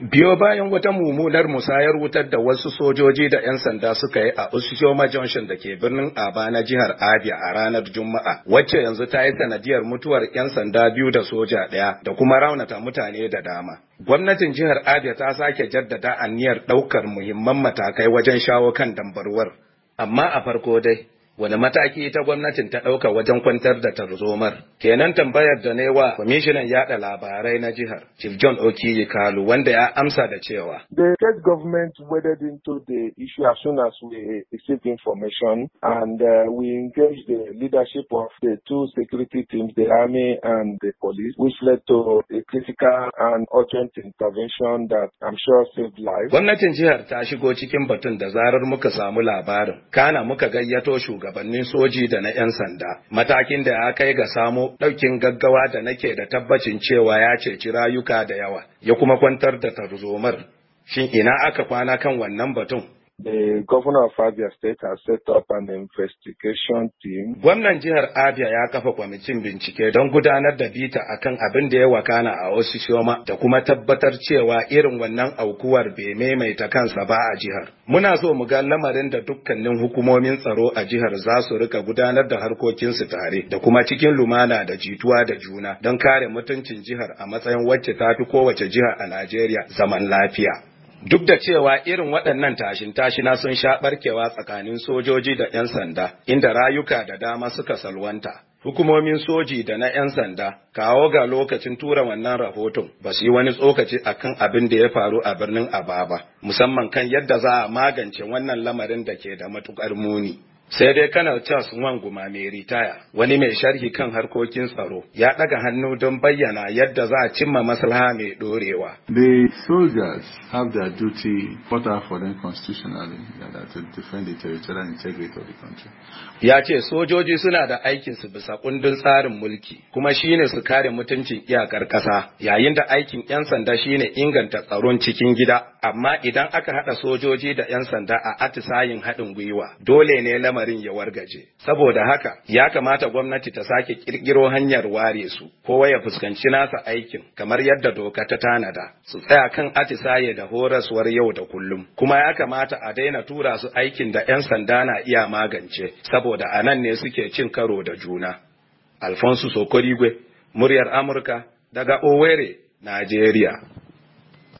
biyo bayan wata mummunar musayar wutar da wasu sojoji da 'yan sanda suka yi a Usioma Junction da ke birnin Aba na jihar Abia a ranar Juma'a, wacce yanzu ta yi sanadiyar mutuwar 'yan sanda biyu da soja ɗaya da kuma raunata mutane da dama. Gwamnatin jihar Abia ta sake jaddada aniyar ɗaukar muhimman matakai wajen shawo kan dambarwar, amma a farko dai wani mataki ita gwamnatin ta ɗauka wajen kwantar da tarzomar. Kenan tambayar da ne wa kwamishinan yaɗa labarai na jihar, Chief John Okiyi Kalu, wanda ya amsa da cewa. The state government waded into the issue as soon as we received information and uh, we engaged the leadership of the two security teams, the army and the police, which led to a critical and urgent intervention that I'm sure saved lives. Gwamnatin jihar ta shigo cikin batun da zarar muka samu labarin, kana muka gayyato shuga shugabannin soji da na 'yan sanda matakin da ya kai ga samo ɗaukin gaggawa da nake da tabbacin cewa ya ceci rayuka da yawa ya kuma kwantar da tarzomar shin ina aka kwana kan wannan batun The governor of Abia State has set up an investigation team. Gwamnan jihar Abia ya kafa kwamitin bincike don gudanar da bita akan abin da ya wakana a wasu shoma da kuma tabbatar cewa irin wannan aukuwar bai maimaita kansa ba a jihar. Muna so mu ga lamarin da dukkanin hukumomin tsaro a jihar za su rika gudanar da harkokinsu tare da kuma cikin lumana da jituwa da juna don kare mutuncin jihar a matsayin wacce ta fi kowace jiha a Najeriya zaman lafiya. Duk da cewa irin waɗannan tashin-tashina sun sha ɓarkewa tsakanin sojoji da 'yan sanda, inda rayuka da dama suka salwanta. Hukumomin soji da na 'yan sanda kawo ga lokacin tura wannan rahoton ba su yi wani tsokaci a kan abin da ya faru a birnin Ababa, musamman kan yadda za a magance wannan lamarin da ke da matuƙar muni. sai dai kana Charles Wanguma mai ritaya wani mai sharhi kan harkokin tsaro ya daga hannu don bayyana yadda za a cimma maslaha mai dorewa. The soldiers have their duty put out for them constitutionally to defend the territorial integrity of the country. Ya ce sojoji suna da aikin su bisa kundin tsarin mulki kuma shine su kare mutuncin iyakar ƙasa yayin da aikin 'yan sanda shine inganta tsaron cikin gida amma idan aka haɗa sojoji da 'yan sanda a atisayin haɗin gwiwa dole ne lamarin ya wargaje saboda haka ya kamata gwamnati ta sake kirkiro hanyar ware su kowa ya fuskanci nasa aikin kamar yadda doka ta tanada su tsaya kan atisaye da horaswar yau da kullum kuma ya kamata a daina tura su aikin da 'yan sanda na iya magance saboda a nan ne suke cin karo da juna alfonso sokorigwe muryar amurka daga owerri najeriya